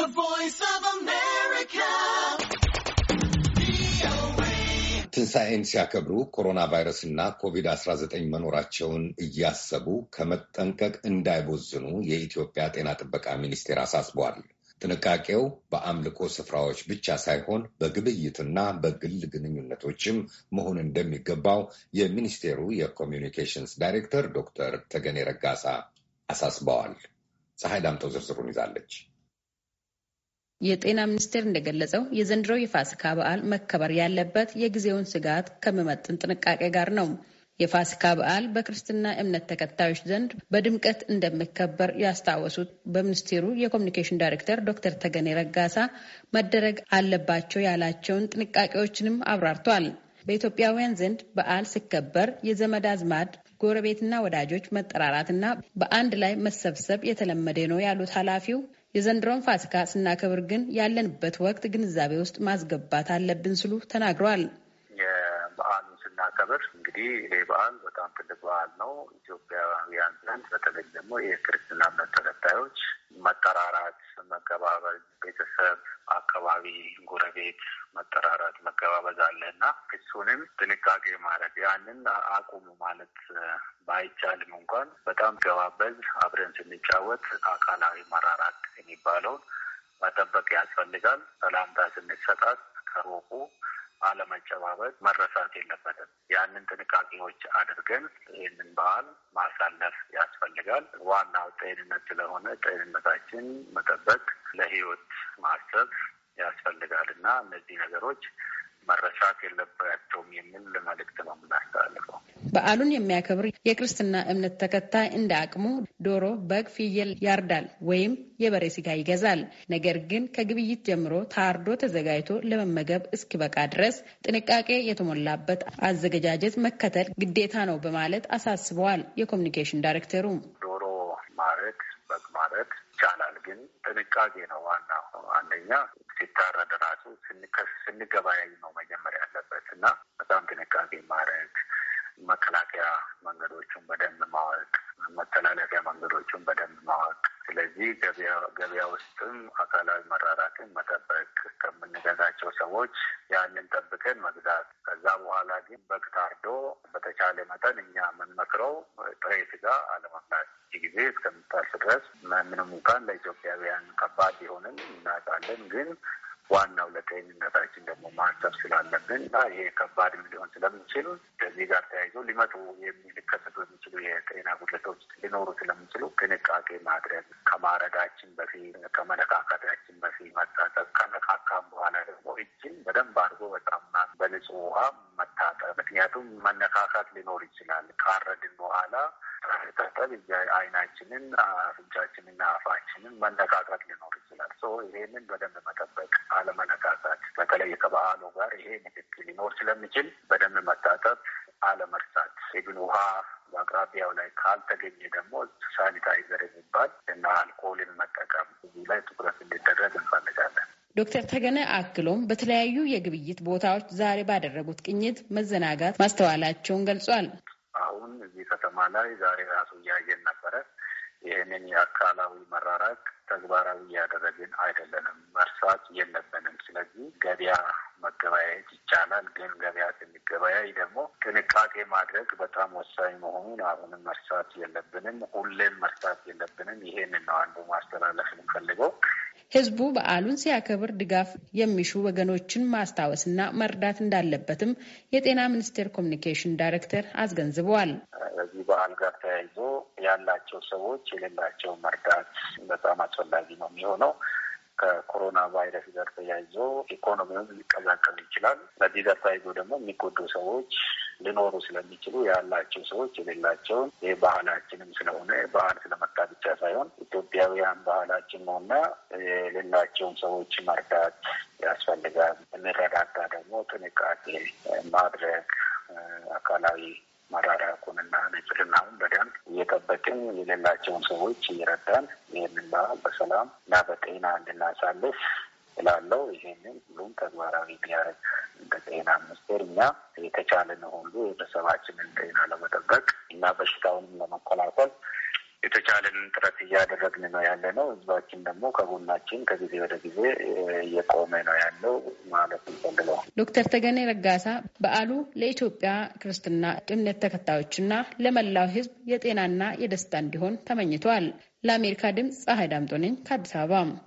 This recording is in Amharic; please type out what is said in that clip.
The Voice of America. ትንሣኤን ሲያከብሩ ኮሮና ቫይረስና ኮቪድ-19 መኖራቸውን እያሰቡ ከመጠንቀቅ እንዳይቦዝኑ የኢትዮጵያ ጤና ጥበቃ ሚኒስቴር አሳስቧል። ጥንቃቄው በአምልኮ ስፍራዎች ብቻ ሳይሆን በግብይትና በግል ግንኙነቶችም መሆን እንደሚገባው የሚኒስቴሩ የኮሚዩኒኬሽንስ ዳይሬክተር ዶክተር ተገኔ ረጋሳ አሳስበዋል። ፀሐይ ዳምጠው ዝርዝሩን ይዛለች። የጤና ሚኒስቴር እንደገለጸው የዘንድሮው የፋሲካ በዓል መከበር ያለበት የጊዜውን ስጋት ከሚመጥን ጥንቃቄ ጋር ነው። የፋሲካ በዓል በክርስትና እምነት ተከታዮች ዘንድ በድምቀት እንደሚከበር ያስታወሱት በሚኒስቴሩ የኮሚኒኬሽን ዳይሬክተር ዶክተር ተገኔ ረጋሳ መደረግ አለባቸው ያላቸውን ጥንቃቄዎችንም አብራርቷል። በኢትዮጵያውያን ዘንድ በዓል ሲከበር የዘመድ አዝማድ ጎረቤትና ወዳጆች መጠራራትና በአንድ ላይ መሰብሰብ የተለመደ ነው ያሉት ኃላፊው የዘንድሮን ፋሲካ ስናከብር ግን ያለንበት ወቅት ግንዛቤ ውስጥ ማስገባት አለብን ስሉ ተናግረዋል። የበዓሉን ስናከብር እንግዲህ ይሄ በዓል በጣም ትልቅ በዓል ነው። ኢትዮጵያውያን ዘንድ በተለይ ደግሞ የክርስትና እምነት ተከታዮች መጠራራት መገባበዝ ቤተሰብ፣ አካባቢ፣ ጎረቤት መጠራራት፣ መገባበዝ አለ እና እሱንም ጥንቃቄ ማለት ያንን አቁሙ ማለት ባይቻልም እንኳን በጣም ገባበዝ አብረን ስንጫወት አካላዊ መራራት የሚባለውን መጠበቅ ያስፈልጋል። ሰላምታ ስንሰጣት ከሮቁ አለመጨባበጥ መረሳት የለበትም። ያንን ጥንቃቄዎች አድርገን ይህንን በዓል ማሳለፍ ያስፈልጋል። ዋናው ጤንነት ስለሆነ ጤንነታችን መጠበቅ፣ ለህይወት ማሰብ ያስፈልጋል እና እነዚህ ነገሮች መረሳት የለባቸውም የሚል መልእክት ነው የምናስተላልፈው። በዓሉን የሚያከብር የክርስትና እምነት ተከታይ እንደ አቅሙ ዶሮ፣ በግ፣ ፍየል ያርዳል ወይም የበሬ ስጋ ይገዛል። ነገር ግን ከግብይት ጀምሮ ታርዶ ተዘጋጅቶ ለመመገብ እስኪበቃ ድረስ ጥንቃቄ የተሞላበት አዘገጃጀት መከተል ግዴታ ነው በማለት አሳስበዋል። የኮሚኒኬሽን ዳይሬክተሩ ዶሮ ማረግ በግ ማረግ ይቻላል፣ ግን ጥንቃቄ ነው ዋናው። አንደኛ ሲታረድ ራሱ ስንገበያይ ነው መጀመሪያ ያለበት እና በጣም ጥንቃቄ ማድረግ መከላከያ መንገዶቹን በደንብ ማወቅ፣ መተላለፊያ መንገዶቹን በደንብ ማወቅ። ስለዚህ ገበያ ውስጥም አካላዊ መራራትን መጠበቅ፣ ከምንገዛቸው ሰዎች ያንን ጠብቀን መግዛት። ከዛ በኋላ ግን በግ በተቻለ መጠን እኛ የምንመክረው ጥሬ ስጋ አለመብላት። ጊዜ እስከምታልፍ ድረስ ምንም እንኳን ለኢትዮጵያውያን ከባድ ቢሆንም እናውቃለን ግን ዋናው ለጤንነታችን ደግሞ ማሰብ ስላለብን እና ይሄ ከባድ ሊሆን ስለምንችል ከዚህ ጋር ተያይዞ ሊመጡ የሚከሰቱ የሚችሉ የጤና ጉድለቶች ሊኖሩ ስለምንችሉ ጥንቃቄ ማድረግ ከማረጋችን በፊት ከመለካከታችን በፊት መታጠብ፣ ከነካካም በኋላ ደግሞ እጅን በደንብ አድርጎ በጣም በንጹህ ውሃ መታጠብ። ምክንያቱም መነካካት ሊኖር ይችላል። ካልታጠብ አይናችንን፣ አፍንጫችንና አፋችንን መነቃቃት ሊኖር ይችላል። ይሄንን በደንብ መጠበቅ አለመነቃቃት፣ በተለይ ከበዓሉ ጋር ይሄ ንግግ ሊኖር ስለሚችል በደንብ መታጠብ አለመርሳት፣ ግን ውሃ በአቅራቢያው ላይ ካልተገኘ ደግሞ ሳኒታይዘር የሚባል እና አልኮልን መጠቀም እዚህ ላይ ትኩረት እንዲደረግ እንፈልጋለን። ዶክተር ተገነ አክሎም በተለያዩ የግብይት ቦታዎች ዛሬ ባደረጉት ቅኝት መዘናጋት ማስተዋላቸውን ገልጿል። አሁን እዚህ ከተማ ላይ ዛሬ ራሱ እያየን ነበረ። ይህንን የአካላዊ መራራቅ ተግባራዊ እያደረግን አይደለንም፣ መርሳት የለብንም። ስለዚህ ገበያ መገበያየት ይቻላል፣ ግን ገበያ ስንገበያይ ደግሞ ጥንቃቄ ማድረግ በጣም ወሳኝ መሆኑን አሁንም መርሳት የለብንም፣ ሁሌም መርሳት የለብንም። ይሄንን ነው አንዱ ማስተላለፍ የምንፈልገው። ህዝቡ በዓሉን ሲያከብር ድጋፍ የሚሹ ወገኖችን ማስታወስና መርዳት እንዳለበትም የጤና ሚኒስቴር ኮሚኒኬሽን ዳይሬክተር አስገንዝበዋል። በዚህ በዓል ጋር ተያይዞ ያላቸው ሰዎች የሌላቸው መርዳት በጣም አስፈላጊ ነው የሚሆነው ከኮሮና ቫይረስ ጋር ተያይዞ ኢኮኖሚውን ሊቀዛቀዝ ይችላል። በዚህ ጋር ተያይዞ ደግሞ የሚጎዱ ሰዎች ሊኖሩ ስለሚችሉ ያላቸው ሰዎች የሌላቸውን የባህላችንም ስለሆነ ባህል ስለመጣ ብቻ ሳይሆን ኢትዮጵያውያን ባህላችን ነውና የሌላቸውን ሰዎች መርዳት ያስፈልጋል። የሚረዳዳ ደግሞ ጥንቃቄ ማድረግ አካላዊ መራራቁንና ንጽህናውን በደንብ እየጠበቅን የሌላቸውን ሰዎች እየረዳን ይህንን በዓል በሰላም እና በጤና እንድናሳልፍ ስላለው ይሄንን ሁሉም ተግባራዊ ቢያደርግ በጤና ሚኒስቴር እኛ የተቻለን ሁሉ የቤተሰባችንን ጤና ለመጠበቅ እና በሽታውንም ለመከላከል የተቻለንን ጥረት እያደረግን ነው ያለ ነው። ህዝባችን ደግሞ ከጎናችን ከጊዜ ወደ ጊዜ እየቆመ ነው ያለው ማለት ይፈልገዋል። ዶክተር ተገኔ ረጋሳ በዓሉ ለኢትዮጵያ ክርስትና እምነት ተከታዮችና ለመላው ህዝብ የጤናና የደስታ እንዲሆን ተመኝተዋል። ለአሜሪካ ድምፅ ፀሐይ ዳምጦ ነኝ ከአዲስ አበባ።